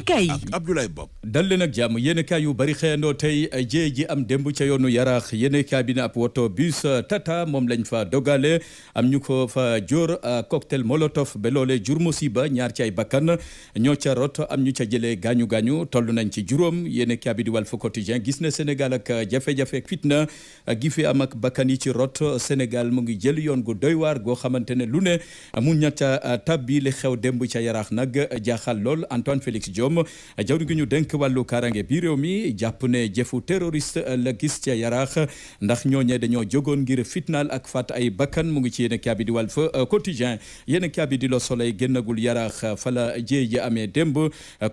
kay ak Abdoulaye Bob leen ak jàmm yéen yu bari xëyandoo tey jéey ji am démb ca yoonu yaraax yéen kaay bi ne ab tata moom lañ fa dogale am ñu ko fa jóor ah, cocktail molotov ba loolee jur musiba ñaar ci ay bakkan ñoo ca rot am ñu ca jëlee gaañu gaañu toll nañ ci juróom yéen kaay bi di Walf gis na Sénégal ak jafe-jafe fitna gi fi am ak bakkan yi ci rot Sénégal mu ngi jël yoon gu doy waar goo xamante ne lu ne mu ñatta tab bi xew démb ca yaraax nag jaaxal lool Antoine Ngom jawri gi ñu dénk wàllu kaaraange bi réew mi jàpp ne jëfu terroriste la gis ca yaraax ndax ñoo ñooñee dañoo jógoon ngir fitnaal ak fat ay bakkan mu ngi ci yéen a kaabi di Walf Quotidien yéen a kaabi di Le Soleil génnagul yaraax fala jéey ji amee démb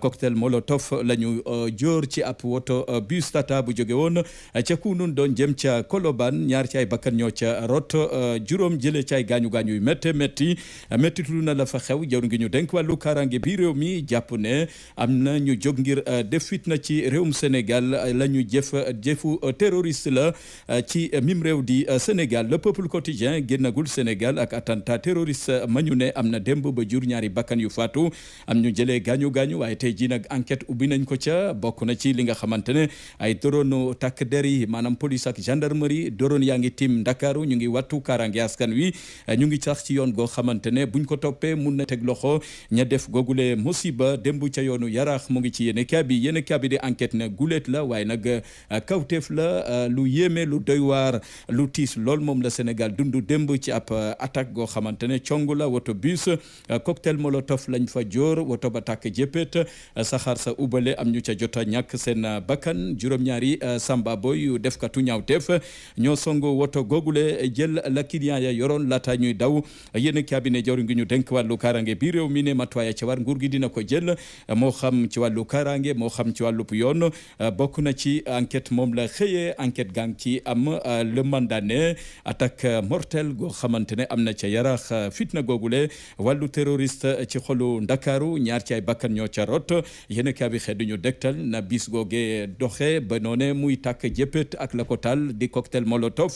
cocktail molotov lañu ñu euh, jóor ci ab woto euh, bus tata bu jóge woon ca kunun doon jëm ca Colobane ñaar ci ay bakkan ñoo ca rot euh, juróom jëlee ci ay gaañu gaañu yu métte métti métti na la fa xew jawri gi ñu dénk wàllu na ñu jóg ngir euh, def fitna ci réewum Sénégal euh, la ñu jëf euh, jëfu terroriste la ci mim réew di Sénégal le peuple quotidien génnagul Sénégal ak attentat terroriste ma ñu ne am na démb ba jur ñaari bakkan yu faatu am ñu jëlee gaañu gaañu waaye tey jii nag enquête ubbi nañ ko ca bokk na ci li nga xamante ne ay doroon takk der yi maanaam police ak gendarmerie doroon yaa ngi tim Ndakaaru ñu ngi wattu kaaraange askan wi ñu ngi sax ci yoon goo xamante ne buñ ko toppee mun na teg loxo ña def googule musiba démb ca yoonu Yaraax mu ngi ci yéenekaay bi yéenekaay bi di enquête ne gulet la waaye nag euh, kawteef la euh, lu yéeme lu doy lu tiis lool moom la Sénégal dundu demb ci ab euh, attaque goo xamante ne cong la woto bus cocktail molotov lañ fa joor woto ba tàkk jëppët saxaar sa ubale am ñu ca jota ñàkk sen bakkan juróom-ñaari samba boy def katu ñaawteef ñoo songo woto googule jël la yoroon laata ñuy daw yéenekaay bi ne jawriñ gi ñu dénk wàllu kaarange bi réew mi ne matuwaay ca war nguur gi dina ko jël xam ci wàllu kaaraange moo xam ci wàllu yoon euh, bokk na ci enquête moom la xëyee enquête gang ci am euh, le mandané attaque mortelle goo xamante ne am na ca yarax euh, fitna googule wàllu terroriste ci xolu ndakaaru ñaar ci ay bakkan ñoo carot rot yéen kaa bi xëy du ñu dégtal na bis googee doxe ba noone muy takk jëppët ak la di cocktail molotov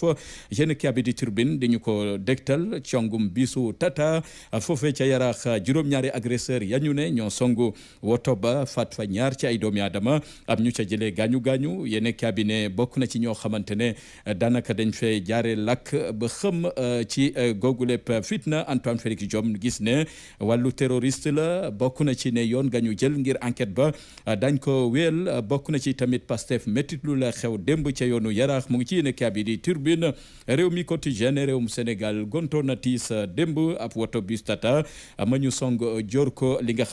yéen kaa bi di turbine di ñu ko dégtal congum bisu tata foofe ca yarax juróom-ñaari agresseur yañu ne ñoo songu woto oto ba faat fa ñaar ci ay doomi aadama am ñu ca jëlee gaañu gaañu yene cabinet bokk na ci ñoo xamante ne euh, daanaka dañ fee jaare lakk ba xam euh, ci euh, googu lépp fitna Antoine Félix Diome gis ne wallu terroriste la bokk na ci ne yoon nga ñu jël ngir enquête ba dañ ko wéel bokk na ci tamit Pastef métitlu la xew demb ca yoonu yaraax mu ngi ci yene cabinet di turbine réew mi quotidien réewum Sénégal gonto na tiis ab woto bus tata ma ñu song jor ko li nga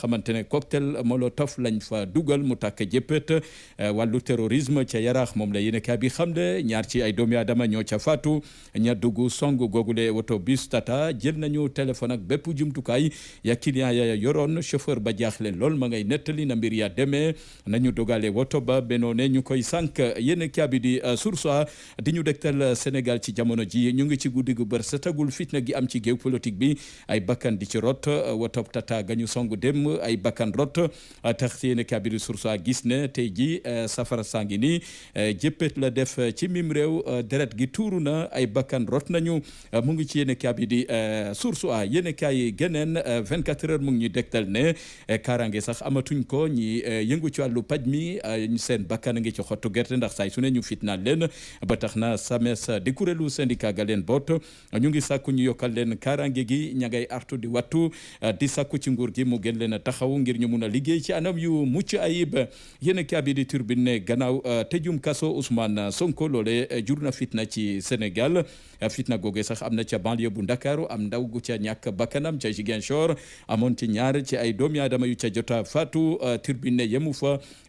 molotov lañ fa dugal mu tàkk jëppët eh, wàllu terrorisme ca yaraax moom la yéene kaa bi xam ne ñaar ci ay doomi aadama ñoo ca faatu ña dugg song googule woto bus tata jël nañu téléphone ak bépp jumtukaay ya client ya yoroon chauffeur ba jaaxle lool ma ngay nettali na mbir ya demee nañu dogale woto ba benoone ñu koy sànq yéene kaa di eh, source di ñu dektal eh, Sénégal ci jamono ji ñu ngi ci guddi gu bër setagul fitna gi am ci géew politique bi ay bakkan di ci rot woto tata gañu song dem ay bakkan rot tax yéen kabiri source a gis ne tey ji euh, safara sangi ni euh, jëppet la def euh, ci mim réew deret gi tuuru na ay bakkan rot nañu mu ngi ci yéen kabiri source a yéen kaay geneen 24 heures mu ngi ñu dégtal ne kaaraange sax amatuñ ko ñi yëngu ci wàllu paj mi seen bakkan a ngi ci xottu gerte ndax saay su ne ñu fitnaal leen ba tax na sames di kuréelu syndicat ga leen boot ñu ngi sàkku ñu yokkal leen kaaraange gi ña ngay artu di wattu di sàkku ci nguur gi mu gën leen a taxaw ngir ñu mun a liggéey ci anam yu mucc ayib yéen kaabi di turbine ne te tëjum kaso Ousmane Sonko euh, jur na fitna ci Sénégal fitna googe sax am na ca banlieue bu Ndakaaru am ndaw gu ca ñàkk bakkanam ca Ziguinchor amoon ci ñaar ci ay doomi aadama yu ca jota faatu euh, turbine yemu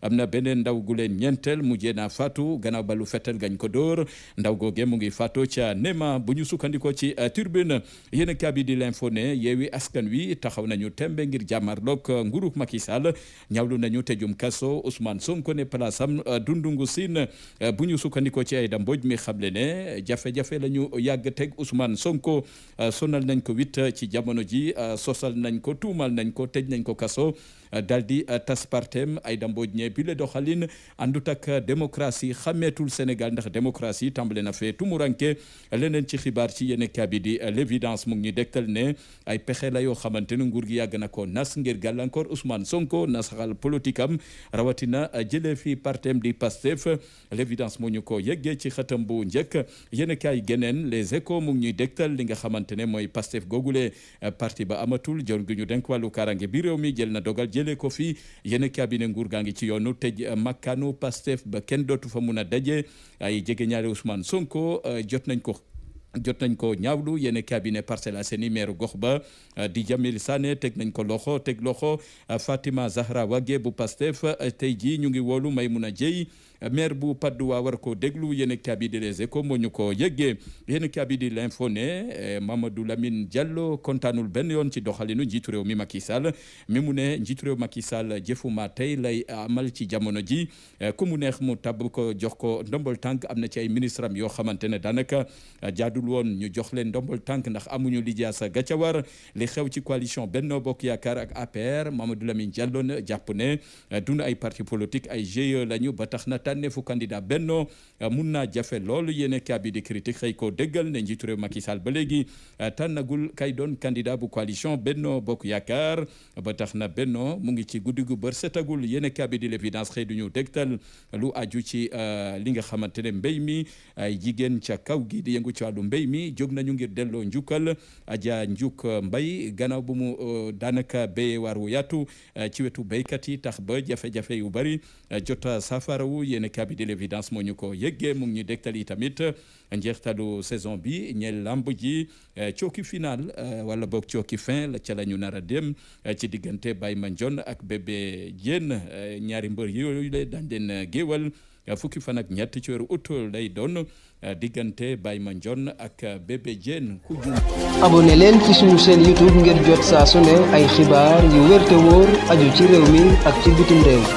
am na beneen ndaw gu leen ñeenteel mujjee na faatu gannaaw balu fetel gañ ko dóor ndaw googe mu ngi faatoo ci Nema bu ñu sukkandikoo ci euh, turbine yéen kaabi di l'info ne yeewi askan wi taxaw nañu tembe ngir jàmmarloog nguurug Macky Sall ñaawlu nañu tëjum kaso Ousmane Sonko ne place am eh, Doudou Sine eh, bu ñu sukkandikoo ci Aïda Mbodj mi xamle ne jafe-jafe la ñu yàgg teg Ousmane Sonko eh, sonal nañ ko wit ci jamono ji sosal nañ ko tuumal nañ ko tëj nañ ko kaso daal di tas partem Aïda Mbodj ñe bi le doxalin àndut ak démocratie xàmmeetul Sénégal ndax démocratie tàmbale na fee tumuranke leneen ci xibaar ci yene kabidi l'évidence mu ngi ñu dektal ne ay pexe la yoo xamante ne nguur gi yàgg na ko nas ngir gàllankoor Ousmane Sonko nasaxal politique am rawatina euh, jële fi partem di Pastef l'évidence mu ñu ko yëggee ci xëtam bu njëkk yéen kaay geneen les échos mu ñuy dégtal li nga xamante ne mooy Pastef googule euh, parti ba amatul jor gi ñu denk wàllu karange bi réew mi jël na dogal jëlee ko fi yéen cabinet nguur gaa ngi ci yoonu tej euh, makkaanu Pastef ba kenn dootu fa mun a daje ay jege ñaare Ousmane Sonko jot nañ ko jot nañ ko ñaawlu yéen cabinet Parcelles Assainies maire gox ba euh, di Jamil Sané teg nañ ko loxo teg loxo euh, Fatima Zahra Wague bu Pastef euh, tey jii ñu ngi woolu Maimouna Dieye maire bu Padoua war ko déglu yéen cabinet Les Échos moo ñu ko yëggee yéen cabinet L'Info ne Mamadou Lamine Diallo kontaanul benn yoon ci doxalinu njiitu réew mi Macky Sall mi mu ne njiitu réew Macky Sall jëfuma tey lay amal ci jamono ji ku mu neex mu tabb ko jox ko ndombol tànk am na ci ay ministre am yoo xamante ne daanaka jaaduwul woon ñu jox leen ndombol tànk ndax amuñu lijaasa ga ca war li xew ci coalition Benno Bokk Yaakaar ak APR Mamadou Lamine Diallo na jàpp ne euh, duna ay parti politique ay GIE lañu ba tax na fu candidat Benno euh, mun naa jafe loolu yéen a di critique xëy ko déggal ne njiitu réew Macky Sall ba léegi euh, tànnagul kay doon candidat bu coalition Benno Bokk Yaakaar ba tax na Benno mu ngi ci guddi gu bër setagul yéen a bi di xëy du ñu dégtal lu aju ci li nga xamante ne mbéy mi ay jigéen ca kaw gi di yëngu ci wàllum mbéy mi jóg nañu ngir delloo njukkal Adja Njuk Mbay gannaaw bu mu euh, daanaka béyee waar wu yaatu euh, ci wetu béykat yi tax ba jafe-jafe yu bari euh, jota saafara wu yéen kabi de moo ñu ko yëggee mu ñu dégtal tamit njeextalu saison bi ñeel lamb ji cooki final wala boog cooki fin ca la ñu nar a dem ci diggante bay Baye Mandione ak bébé Diène ñaari mbër yooyu le daan leen géewal fukki fan ak ñett ci weeru août lay doon eh, diggante ma Mandione ak eh, bébé Diène ku jum abonné leen ci suñu YouTube ngir jot saa ay xibaar yu wér te aju ci réew mi ak ci bitim réew